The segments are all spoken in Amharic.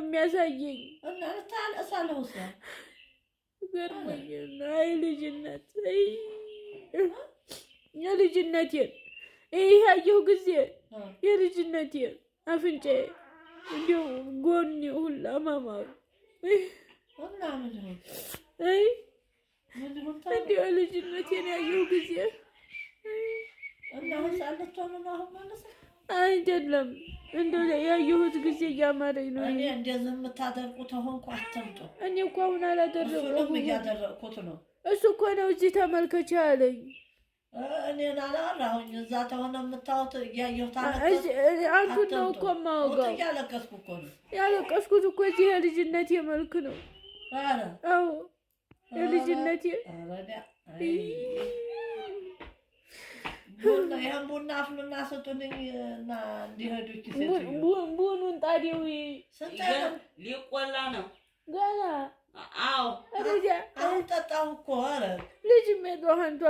ነው የሚያሳየኝ። ገርሞኛል። ልጅነት የልጅነቴን ይህ ያየሁ ጊዜ የልጅነቴን አፍንጫዬ እንዲሁ ጎን ሁላ ማማሩ እንዲሁ የልጅነቴን ያየሁ ጊዜ አይደለም። እንደው ያየሁት ጊዜ እያማረኝ ነው። እኔ እንደዚህ የምታደርጉ ተሆንኩ አትምጡ። እኔ እኮ አሁን አላደረኩም፣ እያደረግኩት ነው። እሱ እኮ ነው እዚህ ተመልከች አለኝ። እኔን አላወራሁኝ። እዛ ተሆነ የምታወት እያየሁት አንቱን ነው እኮ የማወጋው። ያለቀስኩ እኮ ነው ያለቀስኩት እኮ እዚህ የልጅነቴ የመልክ ነው። አዎ የልጅነቴ ይህም ቡና አፍሉና ስጡንኝ እና እንዲሄዱ ቡኑን ጣዲው ሊቆላ ነው ገና። አዎ አሁን ጠጣሁ እኮ ኧረ ልጅ የለውም አንቱ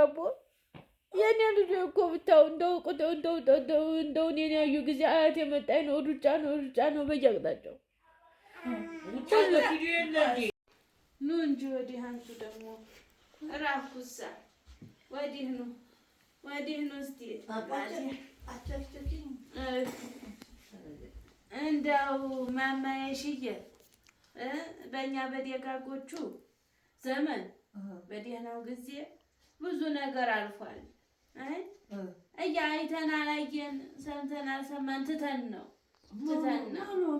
የኔ ልጅ እኮ ብታው እንደው እንደው እንደው እኔን ያዩ ጊዜ አያት የመጣኝ ነው። ሩጫ ነው ሩጫ ነው በየአቅጣጫው ኑ እንጂ ወዲህ አንቱ ደግሞ ራኩሳ ወዲህ ነው ወዲህ ነው እስቲ እንደው ማማየሽዬ በእኛ በደጋጎቹ ዘመን በደህናው ጊዜ ብዙ ነገር አልፏል። እያ አይተን አላየን ሰምተን አልሰማን ትተን ነው ትተን ነው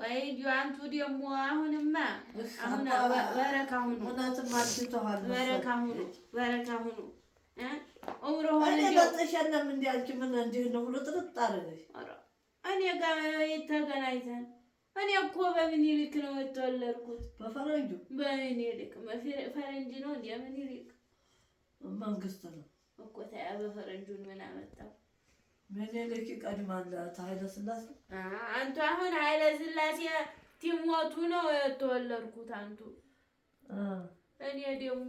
ወይ አንቱ ደግሞ አሁንማ አሁን በረካ ሁኑ በረካ ሁኑ በረካ ሁኑ እኔ እኔ ጋር የተገናኝተን እኔ እኮ በምኒልክ ነው የተወለድኩት። በፈረንጁ በምኒልክ ፈረንጅ ነው እንደ ምኒልክ መንግስት ነው እኮ ተያ በፈረንጁን ምን አመጣው? ምኒልክ ይቀድማል ኃይለ ስላሴ። አንቱ አሁን ኃይለ ስላሴ ቲሞቱ ነው የተወለድኩት አንቱ እኔ ደግሞ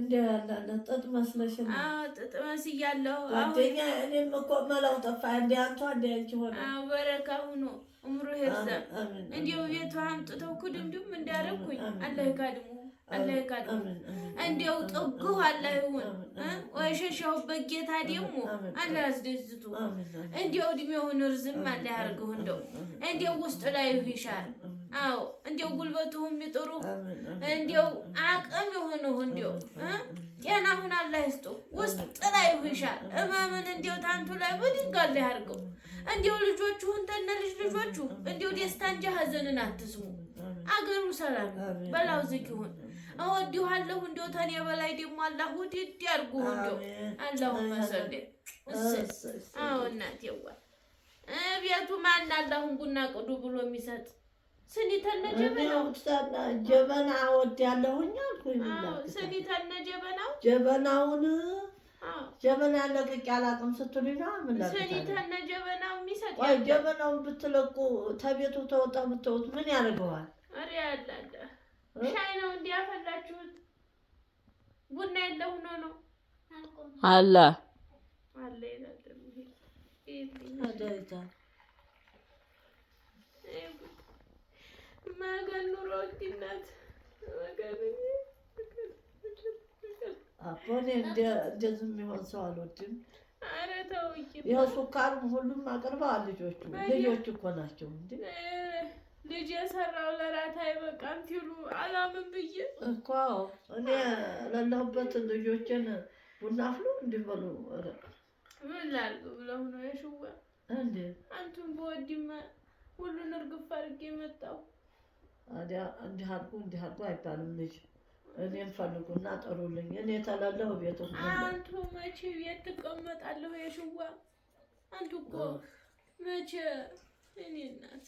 እንዲህ ያላለን ጥጥ መስለሽ ጥጥ መስያለሁ። ጓደኛ እኔም እኮ መላው ጠፋ። እንደ አንቷ እንደ አንቺ ሆነ በረካ ሁኖ እምሮ ሄርዘ እንዲሁ ቤቷ አምጥተው ኩድምድም እንዳረግኩኝ አላህ ካድሙ አላህ ካድሙ እንዲያው ጥጉ አላህ ይሁን ወይ ወሸሻሁበት በጌታ ደግሞ አላህ ያስደስቱ። እንዲያው እድሜውን እርዝም አላህ ያርገው። እንደው እንዲያው ውስጥ ላይ ይሻል አዎ እንዲያው ጉልበቱ የሚጥሩ እንዲያው አቅም የሆነው እንዲያው ጤና ሁን አላህ ይስጡ። ውስጥ ላይ ይሻል እመምን እንዲያው ታንቱ ላይ ላይ ያርገው። እንዲያው ልጆቹን ተነ ልጅ ልጆቹ እንዲያው ደስታ እንጂ ሀዘንን አትስሙ። አገሩ ሰላም በላው ዝግ ይሁን። እወድሃለሁ እንዲያው ተኔ በላይ ደግሞ አላህ ውድድ ያርጉ እንዲያው አላሁ መሰለ እስ አዎ እናቴዋ ቤቱ ማን አላሁን ቡና ቅዱ ብሎ የሚሰጥ ስኒተነ ጀበና ወዳለሁኝ አልኩኝ። ጀበናው ጀበናውን ጀበና ለቅቄ አላውቅም ስትሉኝ ነው። ጀበናው የሚሰጥ ጀበናውን ብትለቁ ተቤቱ ተወጣ ምን ያደርገዋል? ኧረ ያላለ ሻይ ነው እንዲያፈላችሁት ቡና የለ ሆኖ ነው አላ እኔ እንደዚህ የሚሆን ሰው አልወድም። ይኸው ሱካሩም ሁሉም አቅርበዋል። ልጆቹ ልጆች እኮ ናቸው እንደ ልጅ የሰራው ለራት አይበቃም ሲሉ አላምን ብዬ እኮ እኔ ለለሁበት ልጆችን ቡና አፍሉ እንዲበሉ ምን ላድርግ ብለው ነው የሽዋ እንደ አንቱን በወዲማ ሁሉን እርግፍ አድርጌ መጣሁ። እንዲህ አድርጉ እንዲህ አድርጉ አይባልም። ልጅ እኔን ፈልጉና ጥሩልኝ። እኔ ተላለሁ ቤቱ አንቱ መቼ ቤት ትቀመጣለሁ? የሽዋ አንቱ እኮ መቼ እኔ እናት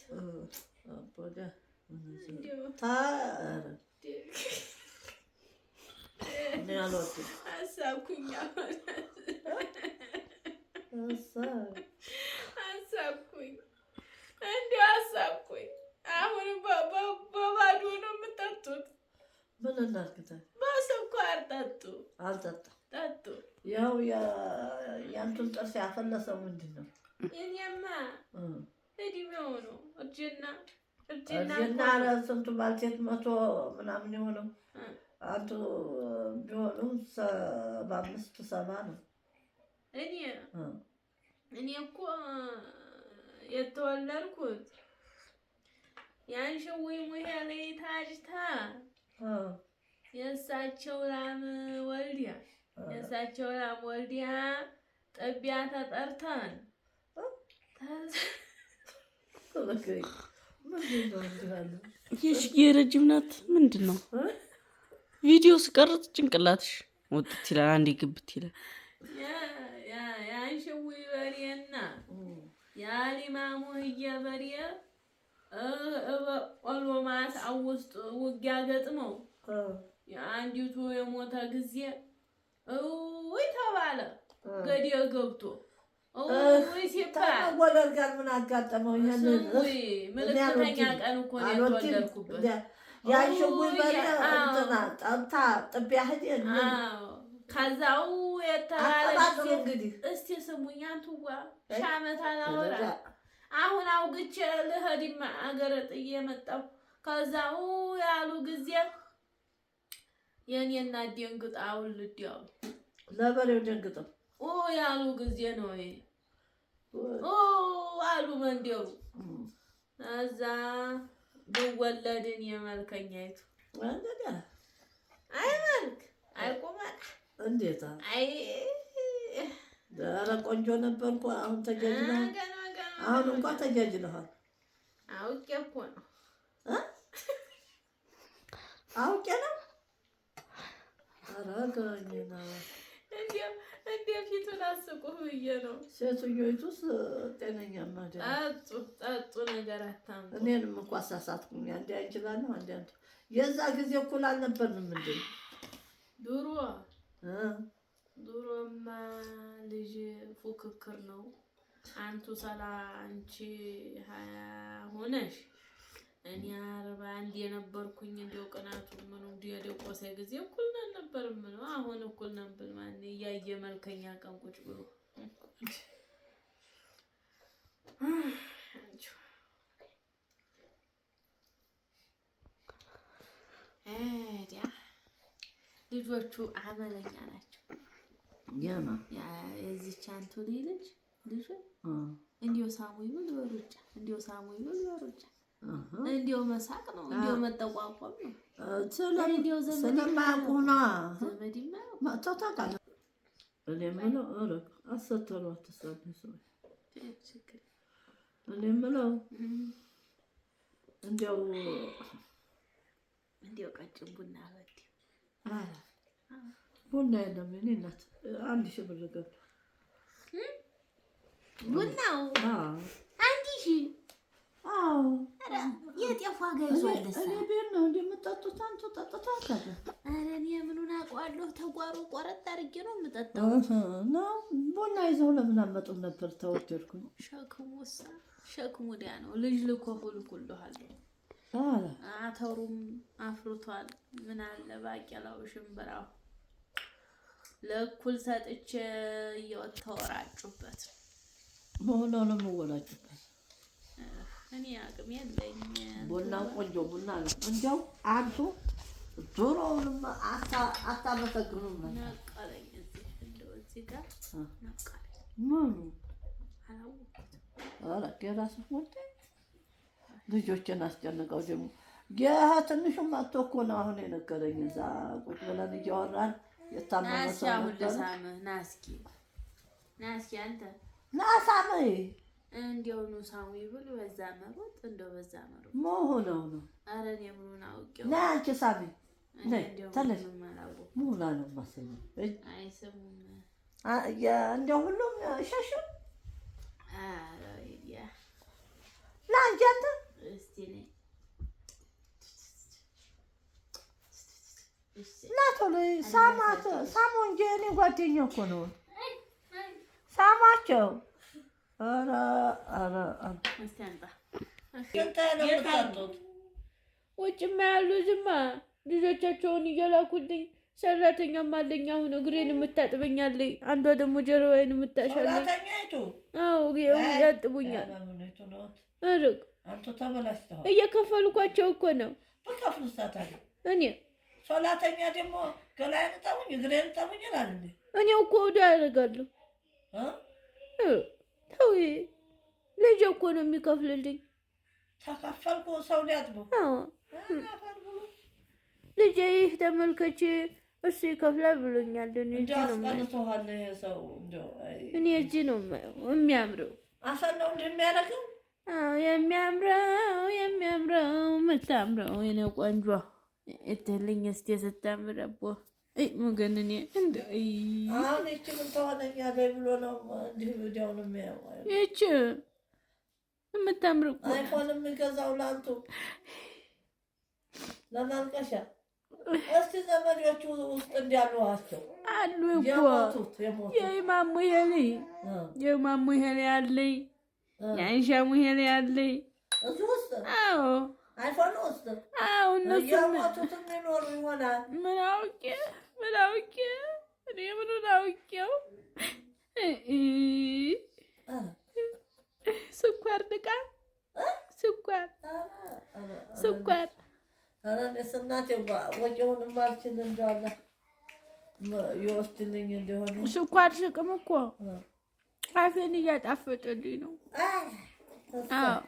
አሳብኩኝ አሁን በባዶ ነው የምጠጡት። ምን እንዳልክተ በስኳር ጠጡ። አልጠጣ ጠጡ። ያው ያንቱን ጥርስ ያፈለሰው ምንድን ነው? እኔማ እድሜው ነው እርጅና እርጅና ስንቱ ባልቴት መቶ ምናምን የሆነው አንቱ ቢሆኑ ሰባ አምስት ሰባ ነው። እኔ እኔ እኮ የተወለድኩት ያንሺው ወይ ሙሄ ላይ ታጭታ የእሳቸው ላም ወልዲያ የእሳቸው ላም ወልዲያ ጥቢያ ተጠርተን ይሽ የረጅም ናት። ምንድን ነው ቪዲዮ ስቀርጽ ጭንቅላትሽ ወጥት ይላል፣ አንዴ ግብት ይላል። ያንሺው በሬና የአሊማሙ ህያ በሬ በቆሎ ማሳው ውስጥ ውጊያ ገጥመው አንዲቱ የሞተ ጊዜ እውይ ተባለ። ገዲያ ገብቶ እውይ ሲባል ወለድ ጋር ምን አጋጠመው? ምልክተኛ ቀን እኮ ነው የተወለድኩበት። ያሽጉይ በለ ጠብታ ጥቢያ ህድ ከዛው የተባለ እስቲ ስሙኝ አንትዋ ሻመታ ናወራ አሁን አውግቼ ልሄድማ አገር ጥዬ መጣሁ። ከዛው ያሉ ጊዜ የኔና ደንግጣ ውልድ ያሉ ለበሬው ደንግጣ ኦ ያሉ ጊዜ ነው ኦ አሉ መንደሩ እዛ ብወለድን የመልከኛይቱ አይ መልክ አይ ቁመት አይ ኧረ ቆንጆ ነበርኩ። አሁን ተገኝና አሁን እንኳን ተጃጅለኋል። አውቄ እኮ ነው አውቄ ነው አረጋኝ ነው እንደ ፊቱን አስቁ ብዬ ነው። ሴትዮይቱስ ጤነኛ ማደ ጠጡ ጠጡ ነገር አታም እኔንም እኮ አሳሳትኩኝ። አንዴ አንችላለ አንዴ አንተ የዛ ጊዜ እኩል አልነበርንም። ምንድን ድሮ ድሮማ ልጅ ፉክክር ነው አንቱ ሰላ አንቺ ሀያ ሆነሽ እኔ አርባ አንድ የነበርኩኝ እንደው ቅናቱ ምኑ እንዲያደው ቆሳይ ጊዜ እኩል ነበር ነው። አሁን እኩል ብል ማን እያየ መልከኛ ቀን ቁጭ ብሎ ዲያ ልጆቹ አመለኛ ናቸው። የማ የዚች አንቱ ልጅ ልጅ ሳሙ ይብል በሩጫ እንዲሁ ሳሙ ይብል በሩጫ መሳቅ ነው፣ እንዲሁ መጠቋቋም ነው። እንዲሁ ስለማያውቁ ዘመድ ታውቃለህ። እኔ የምለው ኧረ አሰተሩ አትሳደሱ። እኔ የምለው እንዲያው እንዲያው ቀጭን ቡና በል ቡና የለም። እኔ እናት አንድ ሺህ ብር ገብቶ ቡናው አንድ ሺህ የጤፍ ዋጋ ይዟል። ነው እንደምጠጡት አንቱ ኧረ እኔ አውቀዋለሁ? ተጓሮ ቆረጥ አድርጌ ነው የምጠጣው። ቡና ይዘው ለምን ነበር? ተወደድኩ ሸክሙሳ ሸክሙ ዲያ ነው። ልጅ ልኮ ሁልኩልሃለሁ። አተሩም አፍርቷል። ምን አለ ባቄላው፣ ሽምብራው ለእኩል ሰጥቼ እየወጣሁ እራጩበት በኋላ ለመወላጭበት እኔ አቅም የለኝም። ቡና ቆንጆ ቡና ነው። እንዲያው አንቱ ዶሮውንም አታመሰግኑም ነበር። ነቀለኝ ምኑ ኧረ የራስሽ ልጆችን አስጨንቀው ደግሞ ይህ ትንሹ መጥቶ እኮ ነው አሁን የነገረኝ። እዛ ቁጭ ብለን እያወራን የታመመ ሰው ነበረ። ናስኪ ናስኪ አንተ ናሳም እንዲያው ነው በዛ መሮጥ እንደው በዛ መሮጥ ነው። እኔ ምኑን አውቄው አንቺ ሳሚ ሙላ ነው ሁሉም ለአንቺ አንተ ሳማ ሳሞ እንጂ እኔ ጓደኛ እኮ ነው ሳማቸው ውጭማ ያሉ ዝማ ልጆቻቸውን እየላኩልኝ ሰራተኛም አለኝ። አሁን እግሬን የምታጥበኛለኝ፣ አንዷ ደግሞ ጀርባዬን የምታሻለኝ። ያጥቡኛል። ርቅ እየከፈልኳቸው እኮ ነው እኔ ደግሞ እግሬን እኔ እኮ ወደ ያደርጋለሁ ተው፣ ልጅ እኮ ነው የሚከፍልልኝ። ተከፈልኩ ሰው ሊያጥበው ልጅ ይህ ተመልከች፣ እሱ ይከፍላል ብሎኛል። እኔ እዚህ ነው የሚያምረው የሚያምረው የሚያምረው የምታምረው የኔ ቆንጆ እትልኝ እስቲ ስታምረቦ ሞገንኔ እንደ ይች የምታምር የሚገዛው ለአንቱ ለማልቀሻ እስቲ ዘመዶቹ ውስጥ እንዳሉ አሉ እኮ የማሙ ሄሌ የማሙ ሄሌ አለኝ የአንሻሙ ሄሌ አለኝ። አዎ አይፎን ውስጥ አዎ እነሱ ምን አውቄ Não, que lembro não que eu. Ah. Seu quarto né, cá. Seu quarto. Ah, ah, ah, ah, Seu quarto. Ana ah, nessa noite eu ah, vou eu vou no marcha de andada. Eu estou na linha de ônibus. O seu quarto já como qual? Ah. A gente já está feita ali, não? Ah, tá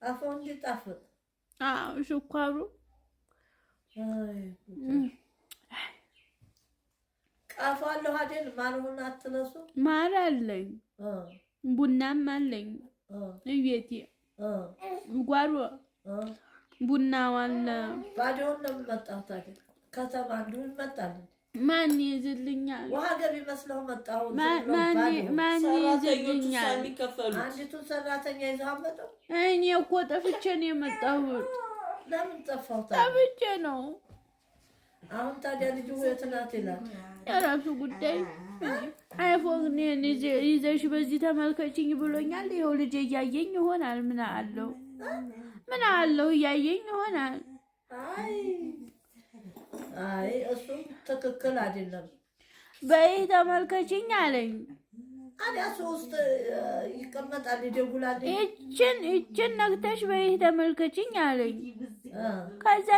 a fonte está feita. Ah, o ጣፋለሁ አይደል? ማሩን አትነሱ። ማር አለኝ፣ ቡናም አለኝ። እቤቴ ጓሮ ቡናው አለ። ባዶውን ነው የምመጣው። ታዲያ ከተማ እንዲሁ ይመጣል። ማን ይዝልኛል? ውሃ ገቢ መስለው መጣሁ። ማን ይዝልኛል? አንዲቱን ሰራተኛ ይዘው አመጣሁ። እኔ እኮ ጠፍቼ ነው የመጣሁት። ለምን ጠፋሁ? ጠፍቼ ነው። አሁን ታዲያ ልጁ የት ናት ይላል የራሱ ጉዳይ። አይፎን ይዘሽ በዚህ ተመልከችኝ ብሎኛል። ይኸው ልጄ እያየኝ ይሆናል። ምን አለው ምን አለው እያየኝ ይሆናል። አይ እሱ ትክክል አይደለም። በይ ተመልከችኝ አለኝ። አዲያ ሶስት ይቀመጣል ይደውላል። ይችን ይችን ነግተሽ በይ ተመልከችኝ አለኝ ከዛ